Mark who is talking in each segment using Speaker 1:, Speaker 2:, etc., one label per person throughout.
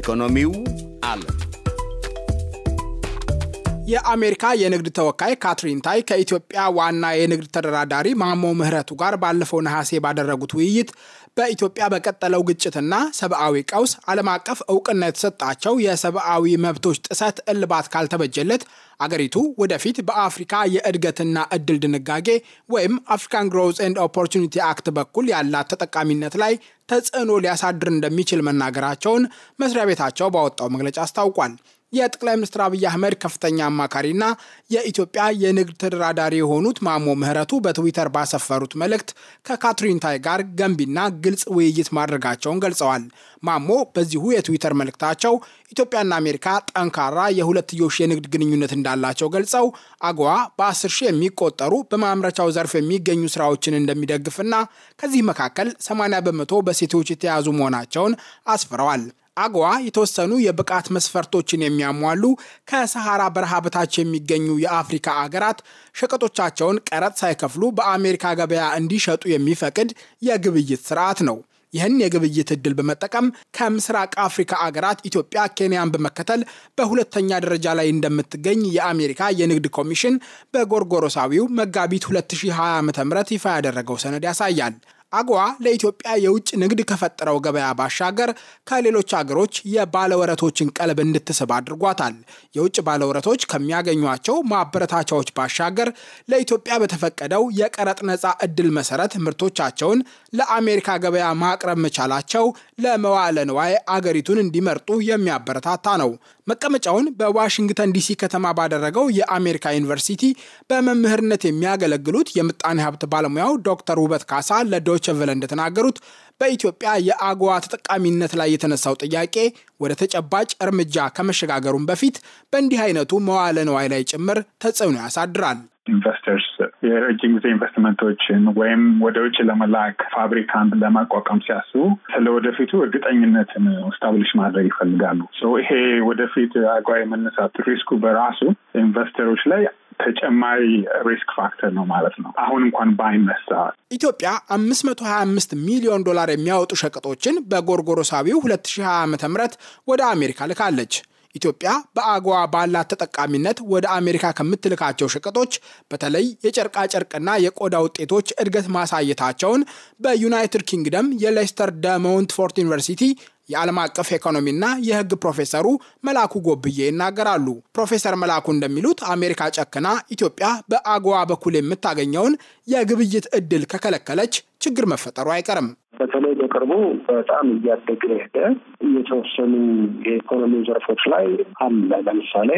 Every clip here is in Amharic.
Speaker 1: ኢኮኖሚው አለ። የአሜሪካ የንግድ ተወካይ ካትሪን ታይ ከኢትዮጵያ ዋና የንግድ ተደራዳሪ ማሞ ምህረቱ ጋር ባለፈው ነሐሴ ባደረጉት ውይይት በኢትዮጵያ በቀጠለው ግጭትና ሰብአዊ ቀውስ ዓለም አቀፍ እውቅና የተሰጣቸው የሰብአዊ መብቶች ጥሰት እልባት ካልተበጀለት አገሪቱ ወደፊት በአፍሪካ የእድገትና እድል ድንጋጌ ወይም አፍሪካን ግሮዝ ኤንድ ኦፖርቹኒቲ አክት በኩል ያላት ተጠቃሚነት ላይ ተጽዕኖ ሊያሳድር እንደሚችል መናገራቸውን መስሪያ ቤታቸው ባወጣው መግለጫ አስታውቋል። የጠቅላይ ሚኒስትር አብይ አህመድ ከፍተኛ አማካሪና የኢትዮጵያ የንግድ ተደራዳሪ የሆኑት ማሞ ምህረቱ በትዊተር ባሰፈሩት መልእክት ከካትሪን ታይ ጋር ገንቢና ግልጽ ውይይት ማድረጋቸውን ገልጸዋል። ማሞ በዚሁ የትዊተር መልእክታቸው ኢትዮጵያና አሜሪካ ጠንካራ የሁለትዮሽ የንግድ ግንኙነት እንዳላቸው ገልጸው አጓ በአስር ሺህ የሚቆጠሩ በማምረቻው ዘርፍ የሚገኙ ስራዎችን እንደሚደግፍና ከዚህ መካከል 80 በመቶ በሴቶች የተያዙ መሆናቸውን አስፍረዋል። አግዋ የተወሰኑ የብቃት መስፈርቶችን የሚያሟሉ ከሰሃራ በረሃ በታች የሚገኙ የአፍሪካ አገራት ሸቀጦቻቸውን ቀረጥ ሳይከፍሉ በአሜሪካ ገበያ እንዲሸጡ የሚፈቅድ የግብይት ስርዓት ነው። ይህን የግብይት እድል በመጠቀም ከምስራቅ አፍሪካ አገራት ኢትዮጵያ ኬንያን በመከተል በሁለተኛ ደረጃ ላይ እንደምትገኝ የአሜሪካ የንግድ ኮሚሽን በጎርጎሮሳዊው መጋቢት 2020 ዓ.ም ይፋ ያደረገው ሰነድ ያሳያል። አግዋ ለኢትዮጵያ የውጭ ንግድ ከፈጠረው ገበያ ባሻገር ከሌሎች አገሮች የባለወረቶችን ቀልብ እንድትስብ አድርጓታል። የውጭ ባለወረቶች ከሚያገኟቸው ማበረታቻዎች ባሻገር ለኢትዮጵያ በተፈቀደው የቀረጥ ነፃ እድል መሰረት ምርቶቻቸውን ለአሜሪካ ገበያ ማቅረብ መቻላቸው ለመዋለ ንዋይ አገሪቱን እንዲመርጡ የሚያበረታታ ነው። መቀመጫውን በዋሽንግተን ዲሲ ከተማ ባደረገው የአሜሪካ ዩኒቨርሲቲ በመምህርነት የሚያገለግሉት የምጣኔ ሀብት ባለሙያው ዶክተር ውበት ካሳ ለዶይቼ እንደተናገሩት በኢትዮጵያ የአጎዋ ተጠቃሚነት ላይ የተነሳው ጥያቄ ወደ ተጨባጭ እርምጃ ከመሸጋገሩም በፊት በእንዲህ አይነቱ መዋለ ንዋይ ላይ
Speaker 2: ጭምር ተጽዕኖ ያሳድራል። ኢንቨስተርስ የረጅም ጊዜ ኢንቨስትመንቶችን ወይም ወደ ውጭ ለመላክ ፋብሪካን ለማቋቋም ሲያስቡ ስለ ወደፊቱ እርግጠኝነትን ስታብሊሽ ማድረግ ይፈልጋሉ። ይሄ ወደፊት አጓ የመነሳት ሪስኩ በራሱ ኢንቨስተሮች ላይ ተጨማሪ ሪስክ ፋክተር ነው ማለት ነው። አሁን እንኳን ባይነሳ
Speaker 1: ኢትዮጵያ አምስት መቶ ሀያ አምስት ሚሊዮን ዶላር የሚያወጡ ሸቀጦችን በጎርጎሮሳቢው ሁለት ሺህ ሀያ ወደ አሜሪካ ልካለች። ኢትዮጵያ በአጎዋ ባላት ተጠቃሚነት ወደ አሜሪካ ከምትልካቸው ሸቀጦች በተለይ የጨርቃ ጨርቅና የቆዳ ውጤቶች እድገት ማሳየታቸውን በዩናይትድ ኪንግደም የሌስተር ደመውንትፎርት ዩኒቨርሲቲ የዓለም አቀፍ ኢኮኖሚና የሕግ ፕሮፌሰሩ መላኩ ጎብዬ ይናገራሉ። ፕሮፌሰር መላኩ እንደሚሉት አሜሪካ ጨክና ኢትዮጵያ በአጎዋ በኩል የምታገኘውን የግብይት እድል ከከለከለች ችግር መፈጠሩ አይቀርም።
Speaker 2: በተለይ በቅርቡ በጣም እያደገ ሄደ የተወሰኑ የኢኮኖሚ ዘርፎች ላይ አለ። ለምሳሌ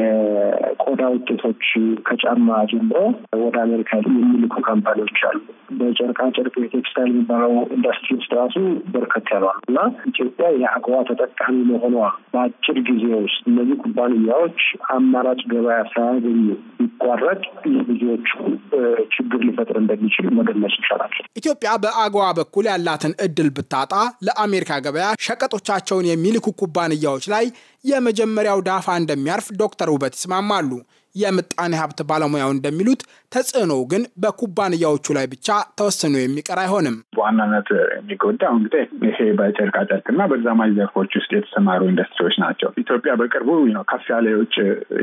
Speaker 2: የቆዳ ውጤቶች ከጫማ ጀምሮ ወደ አሜሪካ የሚልኩ ካምፓኒዎች አሉ። በጨርቃ ጨርቅ የቴክስታይል የሚባለው ኢንዱስትሪ ውስጥ ራሱ በርከት ያሏል እና ኢትዮጵያ የአቅዋ ተጠቃሚ መሆኗ በአጭር ጊዜ ውስጥ እነዚህ ኩባንያዎች አማራጭ ገበያ ሳያገኙ ቢቋረጥ የብዙዎቹ ችግር ሊፈጥር እንደሚችል መገመት ይቻላል።
Speaker 1: ኢትዮጵያ በአግዋ በኩል ያላትን እድል ብታጣ ለአሜሪካ ገበያ ሸቀጦቻቸውን የሚልኩ ኩባንያዎች ላይ የመጀመሪያው ዳፋ እንደሚያርፍ ዶክተር ውበት ይስማማሉ። የምጣኔ ሀብት ባለሙያው እንደሚሉት ተጽዕኖው ግን በኩባንያዎቹ ላይ ብቻ ተወስኖ
Speaker 2: የሚቀር አይሆንም። በዋናነት የሚጎዳው እንግዲህ ይሄ በጨርቃጨርቅና በተዛማጅ ዘርፎች ውስጥ የተሰማሩ ኢንዱስትሪዎች ናቸው። ኢትዮጵያ በቅርቡ ከፍ ያለ የውጭ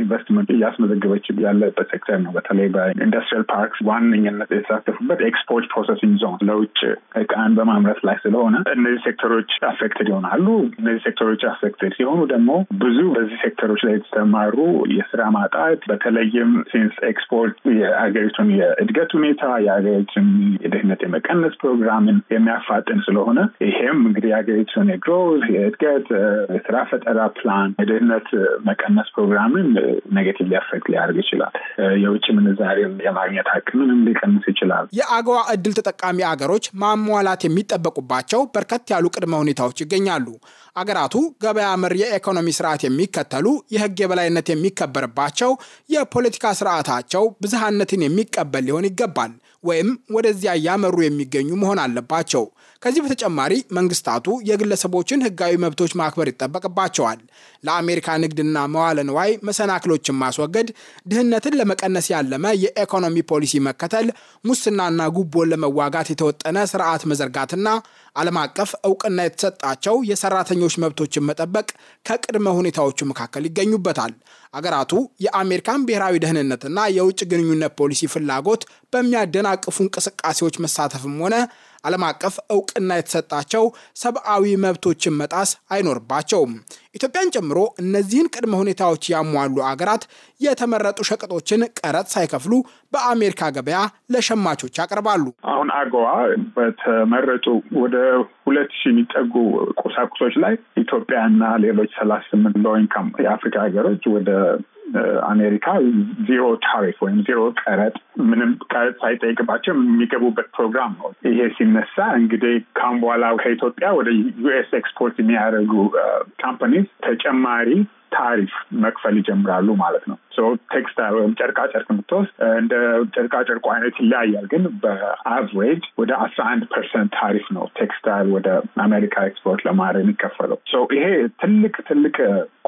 Speaker 2: ኢንቨስትመንት እያስመዘገበች ያለበት ሴክተር ነው። በተለይ በኢንዱስትሪያል ፓርክስ ዋነኝነት የተሳተፉበት ኤክስፖርት ፕሮሰሲንግ ዞን ለውጭ እቃን በማምረት ላይ ስለሆነ እነዚህ ሴክተሮች አፌክትድ ይሆናሉ። እነዚህ ሴክተሮች አፌክትድ ሲሆኑ ደግሞ ብዙ በዚህ ሴክተሮች ላይ የተሰማሩ የስራ ማጣት በተለይም ሲንስ ኤክስፖርት የሀገሪቱን የእድገት ሁኔታ የሀገሪቱን የድህነት የመቀነስ ፕሮግራምን የሚያፋጥን ስለሆነ ይሄም እንግዲህ የሀገሪቱን የግሮዝ የእድገት የስራ ፈጠራ ፕላን የድህነት መቀነስ ፕሮግራምን ኔጌቲቭ ሊያፈክት ሊያደርግ ይችላል። የውጭ ምንዛሬ የማግኘት አቅምንም ሊቀንስ ይችላል።
Speaker 1: የአገዋ እድል ተጠቃሚ አገሮች ማሟላት የሚጠበቁባቸው በርከት ያሉ ቅድመ ሁኔታዎች ይገኛሉ። አገራቱ ገበያ መር የኢኮኖሚ ስርዓት የሚከተሉ የህግ የበላይነት የሚከበርባቸው፣ የፖለቲካ ስርዓታቸው ብዝሃነትን የሚቀበል ሊሆን ይገባል። ወይም ወደዚያ እያመሩ የሚገኙ መሆን አለባቸው። ከዚህ በተጨማሪ መንግስታቱ የግለሰቦችን ህጋዊ መብቶች ማክበር ይጠበቅባቸዋል። ለአሜሪካ ንግድና መዋለ ንዋይ መሰናክሎችን ማስወገድ፣ ድህነትን ለመቀነስ ያለመ የኢኮኖሚ ፖሊሲ መከተል፣ ሙስናና ጉቦን ለመዋጋት የተወጠነ ስርዓት መዘርጋትና ዓለም አቀፍ እውቅና የተሰጣቸው የሰራተኞች መብቶችን መጠበቅ ከቅድመ ሁኔታዎቹ መካከል ይገኙበታል። አገራቱ የአሜሪካን ብሔራዊ ደህንነትና የውጭ ግንኙነት ፖሊሲ ፍላጎት በሚያደና አቀፉ እንቅስቃሴዎች መሳተፍም ሆነ ዓለም አቀፍ እውቅና የተሰጣቸው ሰብአዊ መብቶችን መጣስ አይኖርባቸውም። ኢትዮጵያን ጨምሮ እነዚህን ቅድመ ሁኔታዎች ያሟሉ አገራት የተመረጡ ሸቀጦችን ቀረጥ ሳይከፍሉ በአሜሪካ ገበያ ለሸማቾች ያቀርባሉ።
Speaker 2: አሁን አገዋ በተመረጡ ወደ ሁለት ሺህ የሚጠጉ ቁሳቁሶች ላይ ኢትዮጵያና ሌሎች ሰላሳ ስምንት ሎው ኢንካም የአፍሪካ ሀገሮች ወደ አሜሪካ ዜሮ ታሪፍ ወይም ዜሮ ቀረጥ ምንም ቀረጥ ሳይጠይቅባቸው የሚገቡበት ፕሮግራም ነው። ይሄ ሲነሳ እንግዲህ ካም በኋላ ከኢትዮጵያ ወደ ዩኤስ ኤክስፖርት የሚያደርጉ ካምፓኒስ ተጨማሪ ታሪፍ መክፈል ይጀምራሉ ማለት ነው። ሰው ቴክስታይል ወይም ጨርቃ ጨርቅ የምትወስድ እንደ ጨርቃ ጨርቁ አይነት ይለያያል። ግን በአቨሬጅ ወደ አስራ አንድ ፐርሰንት ታሪፍ ነው ቴክስታይል ወደ አሜሪካ ኤክስፖርት ለማድረግ የሚከፈለው። ይሄ ትልቅ ትልቅ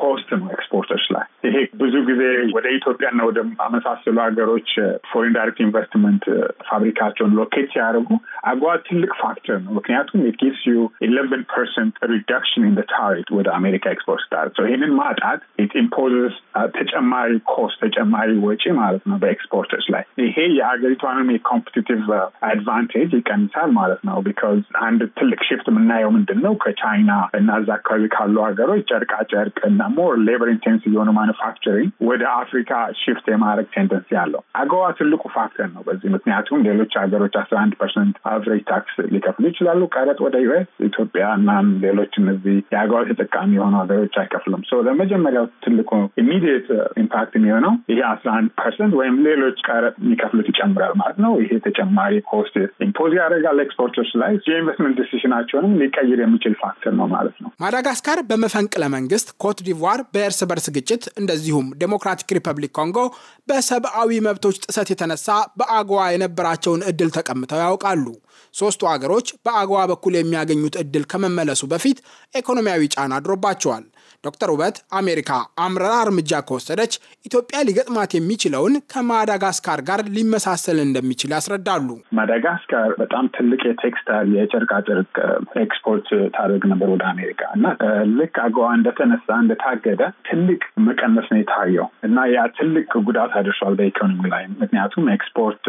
Speaker 2: ኮስት ነው ኤክስፖርቶች ላይ። ይሄ ብዙ ጊዜ ወደ ኢትዮጵያና ወደ አመሳሰሉ ሀገሮች ፎሬን ዳይሬክት ኢንቨስትመንት ፋብሪካቸውን ሎኬት ሲያደርጉ አጎዋ ትልቅ ፋክተር ነው። ምክንያቱም ኢትስ ዩ ኢሌቨን ፐርሰንት ሪዳክሽን ኢን ታሪፍ ወደ አሜሪካ ኤክስፖርት ታሪፍ። ይህንን ማጣት ኢት ኢምፖዝስ ተጨማሪ ኮስት ተጨማሪ ወጪ ማለት ነው በኤክስፖርተርስ ላይ። ይሄ የሀገሪቷንም የኮምፒቲቲቭ አድቫንቴጅ ይቀንሳል ማለት ነው። ቢካዝ አንድ ትልቅ ሽፍት የምናየው ምንድን ነው ከቻይና እና እዛ አካባቢ ካሉ ሀገሮች ጨርቃ ጨርቅ እና ሞር ሌበር ኢንቴንስ የሆነ ማኑፋክቸሪንግ ወደ አፍሪካ ሽፍት የማድረግ ቴንደንሲ አለው። አገዋ ትልቁ ፋክተር ነው በዚህ ምክንያቱም ሌሎች ሀገሮች አስራ አንድ ፐርሰንት አቨሬጅ ታክስ ሊከፍሉ ይችላሉ ቀረጥ ወደ ዩኤስ ኢትዮጵያ እና ሌሎች እነዚህ የአገዋ ተጠቃሚ የሆኑ ሀገሮች አይከፍሉም። ለመጀመሪያው ትልቁ ኢሚዲየት ኢምፓክት የሚሆነው ይሄ አስራ አንድ ፐርሰንት ወይም ሌሎች ቀረጥ የሚከፍሉት ይጨምራል ማለት ነው። ይሄ ተጨማሪ ኮስት ኢምፖዝ ያደርጋል ኤክስፖርቶች ላይ የኢንቨስትመንት ዲሲሽናቸውንም ሊቀይር የሚችል ፋክተር ነው ማለት ነው።
Speaker 1: ማዳጋስካር በመፈንቅለ መንግስት፣ ኮት ዲቯር በእርስ በርስ ግጭት እንደዚሁም ዴሞክራቲክ ሪፐብሊክ ኮንጎ በሰብአዊ መብቶች ጥሰት የተነሳ በአግዋ የነበራቸውን እድል ተቀምተው ያውቃሉ። ሶስቱ አገሮች በአግዋ በኩል የሚያገኙት እድል ከመመለሱ በፊት ኢኮኖሚያዊ ጫና አድሮባቸዋል። ዶክተር ውበት አሜሪካ አምረራ እርምጃ ከወሰደች ኢትዮጵያ ሊገጥማት የሚችለውን ከማዳጋስካር ጋር ሊመሳሰል እንደሚችል ያስረዳሉ። ማዳጋስካር በጣም
Speaker 2: ትልቅ የቴክስታይል የጨርቃጨርቅ ኤክስፖርት ታደርግ ነበር ወደ አሜሪካ እና ልክ አገዋ እንደተነሳ እንደታገደ ትልቅ መቀነስ ነው የታየው እና ያ ትልቅ ጉዳት አድርሷል በኢኮኖሚ ላይ። ምክንያቱም ኤክስፖርት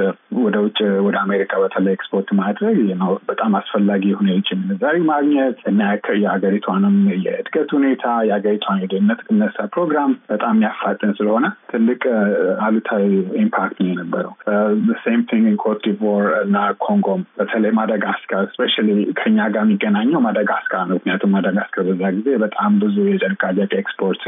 Speaker 2: ወደ ውጭ ወደ አሜሪካ በተለይ ኤክስፖርት ማድረግ ነው በጣም አስፈላጊ የሆነ የውጭ ምንዛሪ ማግኘት እና የሀገሪቷንም የእድገት ሁኔታ የሀገሪቷን የደህንነት ቅነሳ ፕሮግራም በጣም ያፋጥን ስለሆነ ትልቅ አሉታዊ ኢምፓክት ነው የነበረው። ሴም ቲንግ ኮት ዲቮር እና ኮንጎም በተለይ ማዳጋስካር ስፔሻሊ ከኛ ጋር የሚገናኘው ማዳጋስካር ነው። ምክንያቱም ማዳጋስካር በዛ ጊዜ በጣም ብዙ የጨርቃጨርቅ ኤክስፖርት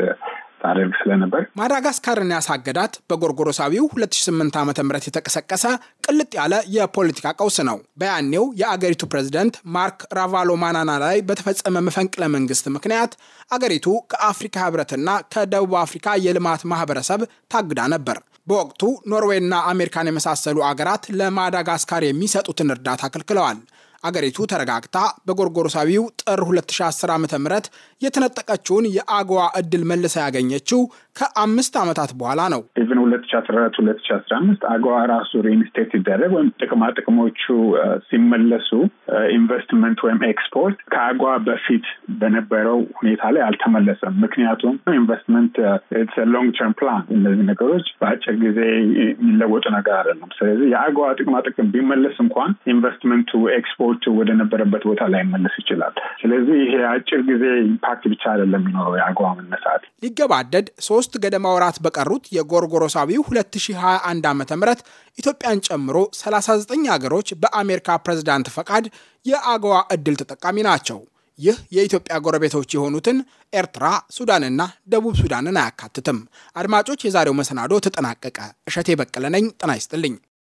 Speaker 2: ታደርግ ስለነበር
Speaker 1: ማዳጋስካርን ያሳገዳት በጎርጎሮሳዊው 2008 ዓ ም የተቀሰቀሰ ቅልጥ ያለ የፖለቲካ ቀውስ ነው። በያኔው የአገሪቱ ፕሬዝደንት ማርክ ራቫሎ ማናና ላይ በተፈጸመ መፈንቅለ መንግስት ምክንያት አገሪቱ ከአፍሪካ ህብረትና ከደቡብ አፍሪካ የልማት ማህበረሰብ ታግዳ ነበር። በወቅቱ ኖርዌይና አሜሪካን የመሳሰሉ አገራት ለማዳጋስካር የሚሰጡትን እርዳታ ከልክለዋል። አገሪቱ ተረጋግታ በጎርጎሮሳዊው ጥር 2010 ዓ ም የተነጠቀችውን የአጎዋ ዕድል መልሳ ያገኘችው ከአምስት ዓመታት በኋላ ነው።
Speaker 2: ኢቨን ሁለት ሺ አስራ አራት ሁለት ሺ አስራ አምስት አገዋ ራሱ ሪኢንስቴት ሲደረግ ወይም ጥቅማ ጥቅሞቹ ሲመለሱ ኢንቨስትመንት ወይም ኤክስፖርት ከአገዋ በፊት በነበረው ሁኔታ ላይ አልተመለሰም። ምክንያቱም ኢንቨስትመንት ሎንግ ተርም ፕላን፣ እነዚህ ነገሮች በአጭር ጊዜ የሚለወጡ ነገር አይደለም። ስለዚህ የአገዋ ጥቅማ ጥቅም ቢመለስ እንኳን ኢንቨስትመንቱ ኤክስፖርቱ ወደነበረበት ቦታ ላይ መለስ ይችላል። ስለዚህ ይሄ አጭር ጊዜ ኢምፓክት ብቻ አይደለም የሚኖረው የአገዋ መነሳት ሊገባደድ ሶስት ሶስት
Speaker 1: ገደማ ወራት በቀሩት የጎርጎሮሳዊው 2021 ዓ ም ኢትዮጵያን ጨምሮ 39 አገሮች በአሜሪካ ፕሬዝዳንት ፈቃድ የአገዋ ዕድል ተጠቃሚ ናቸው። ይህ የኢትዮጵያ ጎረቤቶች የሆኑትን ኤርትራ፣ ሱዳንና ደቡብ ሱዳንን አያካትትም። አድማጮች፣ የዛሬው መሰናዶ ተጠናቀቀ። እሸቴ በቀለ ነኝ። ጤና ይስጥልኝ።